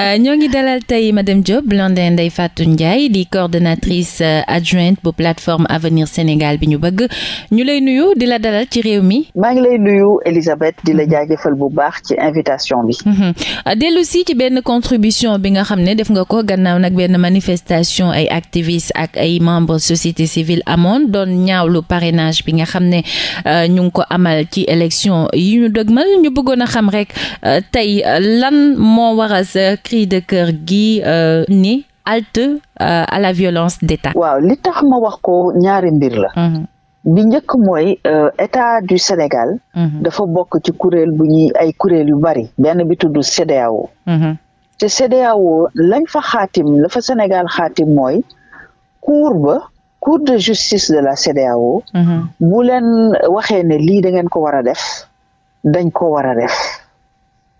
Euh, ñoo ngi dalal tey madame Diop Blondin Ndeye Fatou Ndiaye di coordonnatrice euh, adjointe bu plateforme Avenir Sénégal bi ñu bëgg ñu lay nuyu di la dalal ci réew mi. maa ngi lay nuyu Elisabeth di la mhm. jaajëfal bu baax ci invitation bi. Mhm. Euh, dellu si ci benn contribution bi nga xam ne def nga ko gannaaw nag benn manifestation ay activistes ak ay membre société civile amoon doon lu parrainage bi nga xam ne ñu ngi ko amal ci élection yi ñu dëgmal ñu bëggoon a xam rek tey lan moo waral cri de cœur gi euh, ni halte euh, à la violence d'État. waaw li tax ma wax ko ñaari mbir la. Mhm. bi njëkk mooy euh, état du Sénégal. Mhm. dafa bokk ci kuréel bu ñuy ay kuréel yu bari. benn bi tudd CEDEAO. Mhm. te lañ fa xaatim lafa fa Sénégal xaatim mooy cour ba cour de justice de la CEDEAO. bu leen waxee ne lii da ko war a def dañ ko war a def.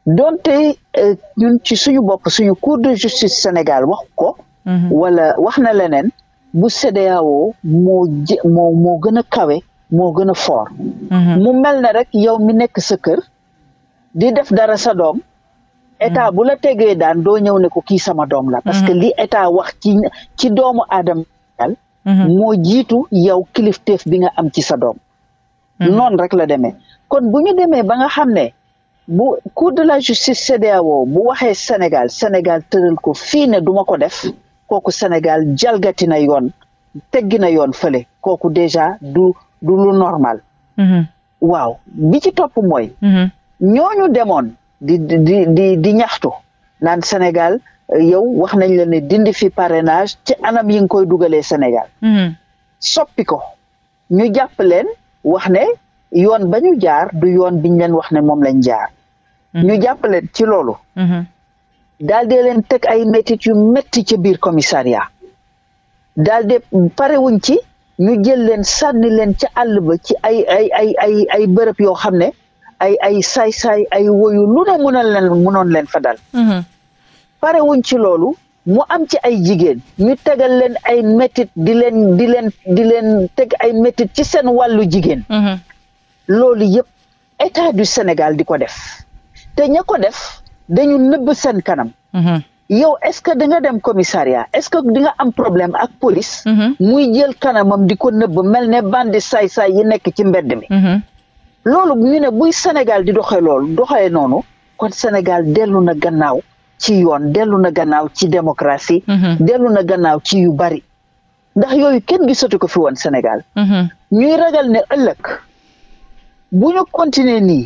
donte euh, ñun ci suñu bopp suñu cour de justice Sénégal waxu ko. Mhm. wala wax na leneen. bu CEDEAO moo jë moo moo gën a kawe moo gën a fort. Mhm. mu mel ne rek yow mi nekk sa kër. di def dara sa doom. état mhm. bu la tegee daan doo ñëw ne ko kii sama doom la. parce que li état wax ci ci doomu aadama daal. moo jiitu yow kilifteef bi nga am ci sa doom. noonu rek la demee kon bu demee ba nga xam ne. bu cour de la justice CEDEAO bu waxee Sénégal Sénégal tëral ko fii ne duma ko def kooku Sénégal jalgati na yoon teggi na yoon fële kooku déjà du du lu normal mm bi ci topp mooy mhm. ñooñu mm -hmm. demoon di di ñaxtu naan Sénégal euh, yow wax nañ la ne fi parrainage ci anam yi nga koy dugalee Sénégal mm soppi ko ñu jàpp leen wax yoon ba ñu jaar du yoon biñ leen wax ne moom lañ jaar. Mhm. ñu jàpp leen ci loolu. Mhm. daal leen teg ay métit yu métti ci biir commissariat daal di parewuñ ci ñu jël leen sànni leen ci àll ba ci ay ay ay ay ay bërëb yoo xam ne ay ay saay-saay ay woyu lu ne mënoon leen mënoon fa dal. Mhm. parewuñ ci loolu mu am ci ay jigéen ñu tegal leen ay métit di leen di leen di leen teg ay métit ci seen wàllu jigéen. loolu yëpp état du Sénégal di ko def te ña ko def dañu nëbb seen kanam. Mhm. yow est-ce que da nga dem commissariat est-ce que di nga am problème ak police. Mhm. muy jël kanamam di ko nëbb mel ne bandi say saay yi nekk ci mbedd mi. Mhm. loolu ñu ne buy Sénégal di doxee loolu doxee noonu kon Sénégal dellu na gannaaw ci yoon dellu na gannaaw ci démocratie. dellu na gannaaw ci yu bari ndax yooyu kenn gisatu ko fi woon Sénégal. ñuy ragal ne ëllëg. bu ñu continuer nii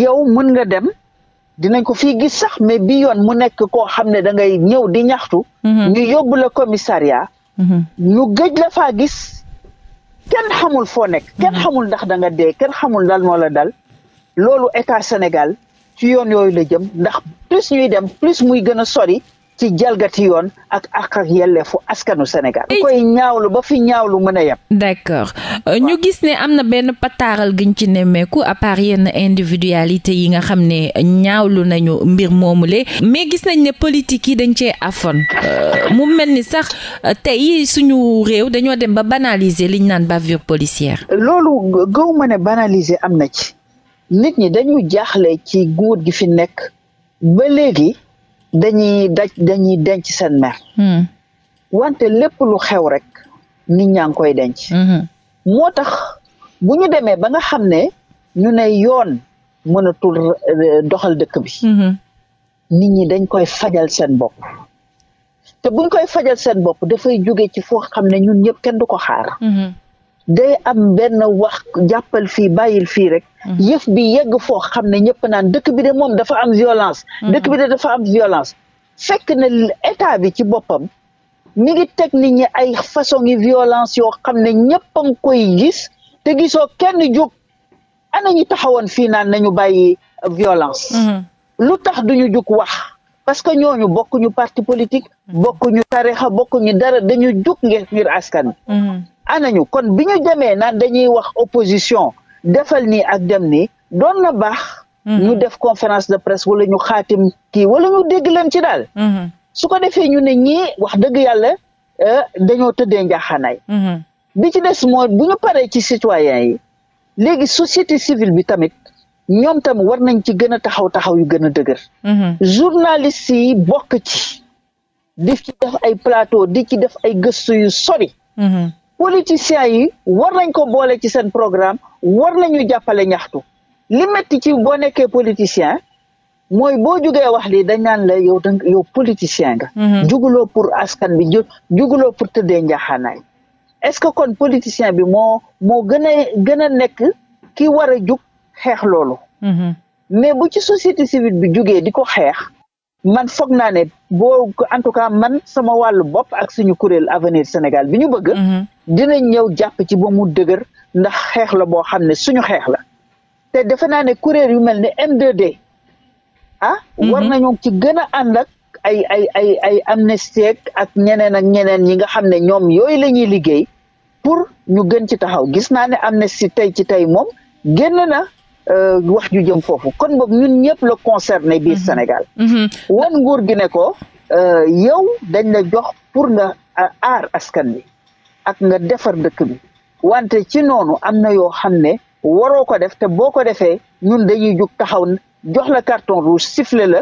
yow mën nga dem dinañ ko fi gis sax mais bi yoon mu nekk koo xam ne da ngay ñëw di ñaxtu. Mhm. ñu yóbbu la commissariat. Mhm. ñu gëj la faa gis kenn xamul foo nekk. kenn mhm. xamul ndax da nga dee kenn xamul dal moo la dal loolu état Sénégal ci yoon yooyu la jëm ndax plus ñuy dem plus muy gën a sori. ci jalgati yoon ak ak ak yelleefu askanu Sénégal. koy ñaawlu ba fi ñaawlu mën a yem. d'accord euh, ñu gis ne am na benn pataaral giñ ci nemmeeku à part yenn individualité yi nga xam ne ñaawlu nañu mbir moomule mais gis nañ ne politique yi dañ cee afon euh, mu mel ni sax euh, tey suñu réew dañoo dem ba banaliser liñ naan bavure policière. loolu gaw ma ne banaliser am na ci nit ñi dañu jaaxle ci nguur gi fi nekk ba léegi. dañuy daj dañuy denc seen mer. Hmm. wante lépp lu xew rek nit ñaa ngi koy denc. Hmm. moo tax bu ñu demee ba nga xam ne ñu ne yoon mënatul euh, doxal dëkk bi. Hmm. nit ñi dañ koy fajal seen bopp. te buñ koy fajal seen bopp dafay jóge ci foo xam ne ñun ñëpp kenn du ko xaar. day am benn wax jàppal fii bàyyil fii rek mhm. yëf bi yegg foo xam ne ñëpp naan dëkk bi de moom dafa am violence mhm. dëkk bi de dafa am violence fekk na état bi ci boppam mi ngi teg nit ñi ay façon yi violence yoo xam ne ñëpp a ngi koy gis te gisoo kenn jóg ana ñu taxawoon fii naan nañu bàyyi violence mhm. lu tax duñu jóg wax parce que ñooñu bokkuñu parti politique bokkuñu tarixa bokkuñu dara dañu jóg ngir askan ana ñu kon bi ñu demee naan dañuy wax opposition defal nii ak dem nii doon na baax mhm. ñu def conférence de presse wala ñu xaatim kii wala ñu dégg leen ci daal mhm. su ko defee ñu ne ñii wax dëgg yàlla euh, dañoo tëddee njaaxaanaay mhm. bi ci des mooy bu ñu paree ci citoyens yi léegi société civile bi tamit ñoom tam war nañ ci gën a taxaw taxaw yu gën a dëgër journalistes yi bokk ci di ci def ay plateau di ci def ay gëstu yu sori politiciens yi war nañ ko boole ci seen programme war nañu jàppale ñaxtu li métti ci boo nekkee politicien mooy boo jugee wax lii dañ naan la yow danga yow politicien nga mhm. juguloo pour askan bi juguloo pour tëddee njaaxaanaay est-ce que kon politicien bi moo moo gën a gën a nekk ki war a jug xeex loolu mhm. mais bu ci société civile bi jugee di ko xeex man foog naa ne boo en tout cas man sama wàllu bopp ak suñu kuréel avenir Sénégal bi ñu bëgg mhm. dinañ ñëw jàpp ci ba mu dëgër ndax xeex la boo xam ne suñu xeex la te defe naa ne kuréel yu mel ne M2D ah, mhm. nañu ci gën a ànd ak ay ay ay ay Amnesty ak ñeneen ak ñeneen yi nga xam ne ñoom yooyu lañuy liggéey pour ñu gën ci taxaw gis naa ne Amnesty tey ci tey moom génn na euh, wax ju jëm foofu kon boog ñun ñëpp la concerné biir mhm. Sénégal mhm. wan nguur gi ne ko euh, yow dañ la jox pour nga euh, aar askan bi ak nga defar dëkk bi wante ci noonu am na yoo xam ne waroo ko def te boo ko defee ñun dañuy jug taxaw jox la carton rouge sifflé la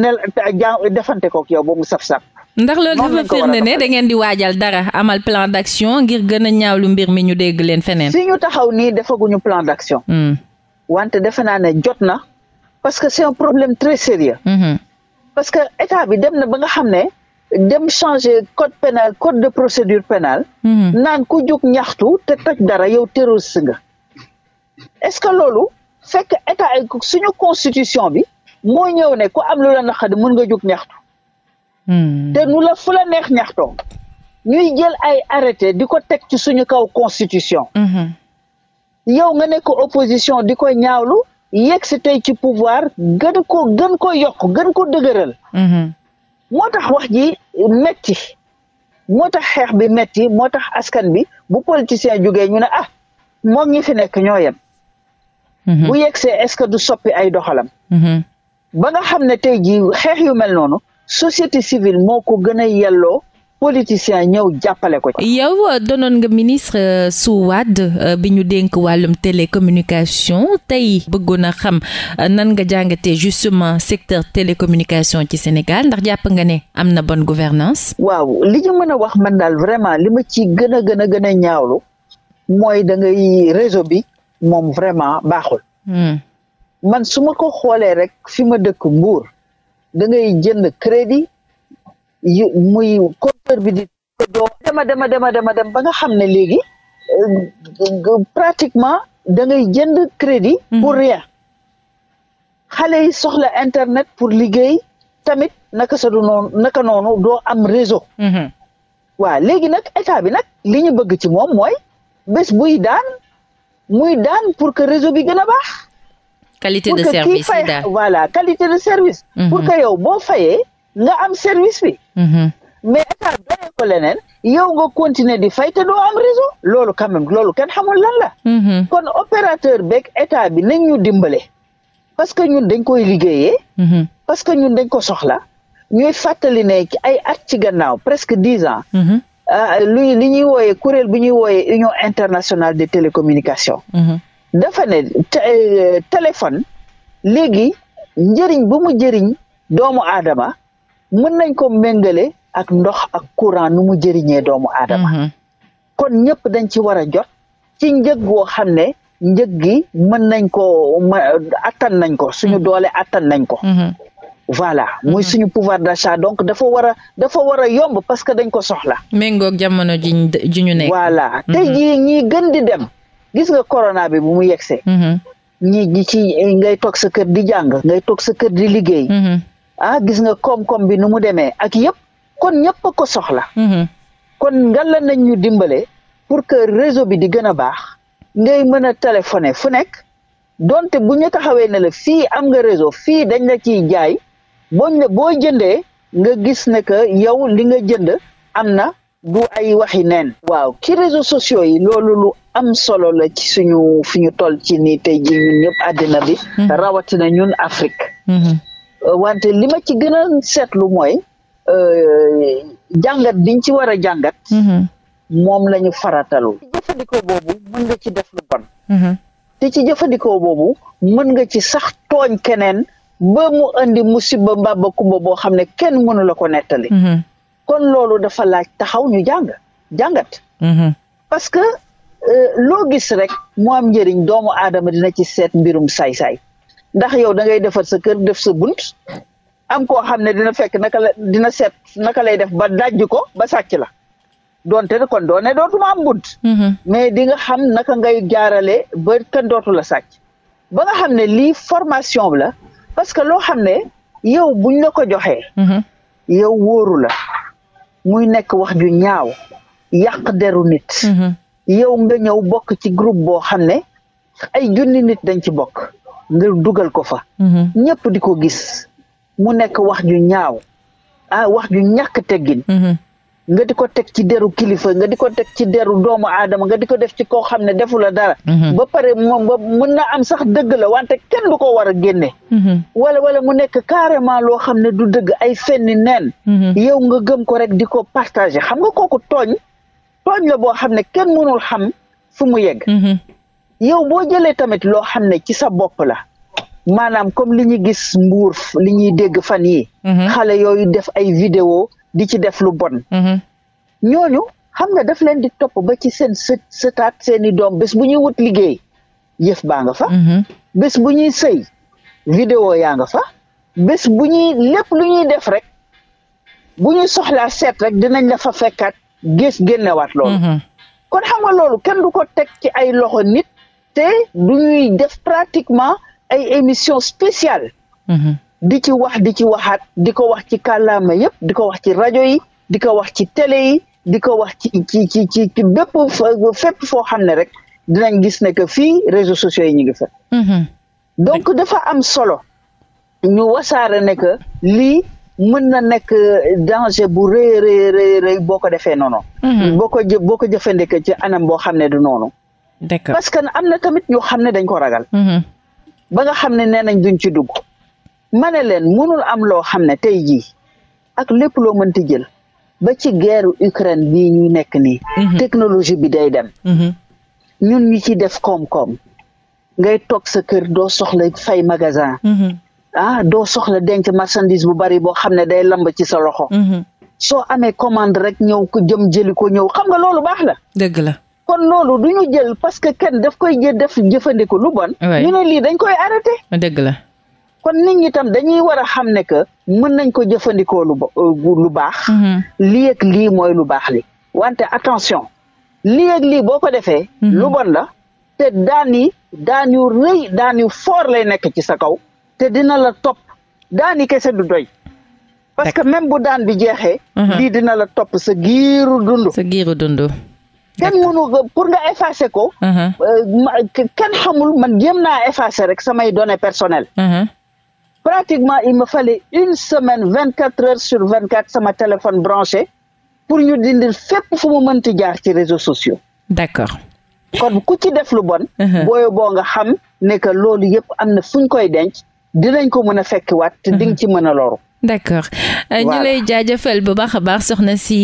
ne la defante kook yow ba mu saf-saf ndax loolu dafa firnde ne da ngeen di waajal dara amal plan d'action ngir gën a ñaawlu mbir mi ñu dégg leen feneen. si ñu taxaw nii defaguñu plan d'action. Hmm. wante defe naa ne jot na parce que c'est un problème très sérieux. Hmm. parce que état bi dem na ba nga xam ne dem changer code pénal code de procédure pénale mhm. naan ku jóg ñaxtu te toj dara yow terroriste nga est-ce que loolu fekk état suñu constitution bi moo ñëw ne ku am lu la naqari mën nga jóg ñaxtu hmm. te nu la fu la neex ñaxtoo ñuy jël ay arrêté di ko teg ci suñu kaw constitution mhm. yow nga nekk opposition di koy ñaawlu yegg si tey ci pouvoir gën ko gën ko yokk gën ko dëgëral mhm. moo tax wax ji metti moo tax xeex bi metti moo tax askan bi bu politicien jógee ñu ne ah moo ñi fi nekk ñoo yem mhm. bu yegsee est-ce que du soppi ay doxalam mhm. ba nga xam ne tey ji xeex yu mel noonu société civile moo ko gën a yelloo politiciens ñëw jàppale ko ci. yow euh, doonoon nga ministre euh, su Wade euh, bi ñu dénk wàllum télécommunication tey bëggoon a xam nan nga jàngatee justement secteur télécommunication ci Sénégal ndax jàpp nga ne am na bonne gouvernance waaw li ñu mën a wax man daal vraiment li ma ci gën a gën a gën a ñaawlu mooy da ngay réseau bi moom vraiment baaxul. Hmm. man su ma ko xoolee rek fi ma dëkk Mbour da jënd crédit yu muy. secteur bi di doo dema dema dema dema dem ba nga xam ne léegi euh, pratiquement da ngay jënd crédit mhm. pour rien xale yi soxla internet pour liggéey tamit naka sa du naka noonu doo am réseau mhm. waaw léegi nag état bi nag li bëgg ci moom mooy bés buy daan muy daan pour que réseau bi gën a baax de service voilà qualité de service mhm. pour que yow boo fayee nga am service bi mais état doyee ko yow nga continuer di fay te doo réseau loolu quand même loolu kenn xamul lan la. Mhm. kon opérateur beeg état bi nañ ñu dimbale. parce que ñun dañ koy liggéeyee. Mhm. parce que ñun dañ ko soxla. ñuy fàttali ne ci ay at ci gannaaw presque dix ans. Mhm. Ah, lu li ñuy wooyee kuréel bi ñuy wooyee union internationale des télécommunications. dafa ne euh, téléphone léegi njëriñ bu mu jëriñ doomu aadama mën ko méngale. ak ndox ak courant nu mu jëriñee doomu aadama mhm. kon ñëpp dañ ci war a jot ci njëg woo xam ne njëg gi mën nañ ko attan nañ ko suñu mhm. doole attan nañ ko mhm. voilà muy suñu pouvoir d'achat donc dafa war a dafa war a yomb parce que dañ ko soxla méngoog jamono ji ji ñu ne voilà te ji ñi gën di dem gis nga corona bi bu mu yegsee ñi gi ci ngay toog sa kër di jàng ngay toog sa kër di liggéey ah gis nga koom-koom bi nu mu demee ak yëpp kon ñëpp ko soxla. Mm-hmm. kon ngalla nañ ñu dimbale pour que réseau bi di gën a baax ngay mën a téléphoner fu nekk donte bu ñu taxawee ne la fii am nga réseau fii dañ la ciy jaay boñ la boo jëndee nga gis ne que yow li nga jënd am na du ay waxi neen. waaw ci réseaux sociaux yi loolu lu am solo la ci suñu fi ñu ci nii tey ji ñun ñëpp àddina bi. Mm-hmm. rawatina ñun Afrique. Mm-hmm. wante li ci gën a seetlu mooy. Euh, jàngat biñ ci war a jàngat. Mm-hmm. moom la ñu faratalu. ci jëfandikoo boobu mën nga ci def lu bon. Mm-hmm. te ci jëfandikoo boobu mën nga ci sax tooñ keneen ba mu andi musiba mbaa ba kumba boo xam ne kenn mënu la ko nettali. Mm-hmm. kon loolu dafa laaj taxaw ñu jàng jàngat. parce que euh, loo gis rek mu am njëriñ doomu aadama dina ci seet mbirum saay-saay ndax yow da ngay defar sa kër def sa bunt am koo xam ne dina fekk naka la dina seet naka lay def ba dajj ko ba sàcc la donte ne kon doone dootuma am bunt mm-hmm. mais di nga xam naka ngay jaarale ba kenn dootu la sàcc ba nga xam ne lii formation la parce que loo xam ne yow buñ la ko joxee mm-hmm. yow wóoru la muy nekk wax ju ñaaw yàq deru nit mm-hmm. yow nga ñëw bokk ci groupe boo xam ne ay junni nit dañ ci bokk ngir dugal ko fa ñëpp di ko gis mu nekk wax ju ñaaw a ah, wax ju ñàkk teggin mm-hmm. nga di ko teg ci deru kilifa nga di ko teg ci deru doomu aadama nga di ko def ci koo xam ne defula la dara mm-hmm. ba pare moom mën na am sax dëgg la wante kenn du ko war a génne mm-hmm. wala wala mu nekk carrément loo xam ne du dëgg ay fenni neen yow nga gëm ko rek di ko partagé xam nga kooku tooñ tooñ la boo xam ne kenn mënul xam fu mu yegg yow boo jëlee tamit loo xam ne ci sa bopp la maanaam comme li ñu gis mbuur li ñuy dégg fan yi mhm. xale yooyu def ay vidéo di ci def lu bon mhm. ñooñu xam nga daf leen di topp ba ci seen sët seeni doom bés bu ñuy wut liggéey yëf baa nga fa mhm. bés bu ñuy sëy vidéo yaa nga fa bés bu ñuy lépp lu ñuy def rek bu ñuy soxlaa seet rek dinañ la fa fekkaat gés génnewaat loolu kon xam nga loolu kenn du ko teg ci ay loxo nit te du ñuy def pratiquement ay émission spéciale mm-hmm. di ci wax di ci waxaat di ko wax ci kàllaama yëpp di ko wax ci rajo yi di ko wax ci télé yi di ko wax ci ci ci ci ci bépp fépp foo xam ne rek dinañ gis ne que fii réseaux sociaux yi ñu ngi fa mm-hmm. donc dafa am solo ñu wasaare ne que lii mën na nekk danger bu rëy rëy rëy boo ko defee noonu mm-hmm. boo ko jë boo ko jëfandikoo ci anam boo xam ne du noonu parce que am na tamit ñu xam ne dañ ko ragal ba nga xam ne nee nañ duñ ci dugg ma ne leen mënul am loo xam ne tey jii ak lépp loo ti jël ba ci geeru Ukraine bii ñu nekk nii mhm. technologie bi day dem mhm. ñun ñu ci def koom-koom ngay toog sa kër doo soxla fay magasin mhm. ah doo soxla denk marchandise bu bari boo xam ne day lamb ci sa loxo soo amee commande rek ñëw ku jëm jëli ko ñëw xam nga loolu baax la dëgg la kon loolu du ñu jël parce que kenn daf koy jël def jëfandiku lu bon. ñu ne lii dañ koy ma dëgg la kon nit ñi tam dañuy war a xam ne que mën nañ ko jëfandikoo lu euh, lu baax. Mm-hmm. lii ak mooy lu baax li wante attention lii ak boo ko defee. Mm-hmm. lu bon la te daani yi daan yu rëy daan yu lay nekk ci sa kaw te dina la topp daani kese du doy. parce que même bu daan bi jeexee. Mm-hmm. lii dina la topp sa giiru dund. sa giiru dund. kenn mënu pour nga effacer ko. Mhm. Euh, kenn xamul man jéem naa effacer rek samay données personnel mhm. pratiquement il ma fallait une semaine vingt quatre heures sur vingt quatre sama téléphone branché pour ñu dindil fépp fu mu mënti jaar ci réseaux sociaux. d'accord. kon ku ci def lu bon. Mhm. booyo boo nga xam ne que loolu yëpp am na fu ñu koy denc dinañ ko mën a fekkiwaat. te di nga ci mën a loru. d' accord euh, ñu lay jaajëfal bu baax a baax soxna si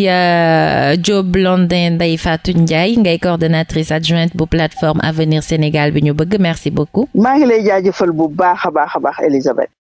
Diop euh, Blondin Ndeye Fatou Ndiaye ngay coordonnatrice adjointe bu plateforme Avenir Sénégal bi ñu bëgg merci beaucoup. maa ngi lay jaajëfal bu baax a baax a baax Elisabeth.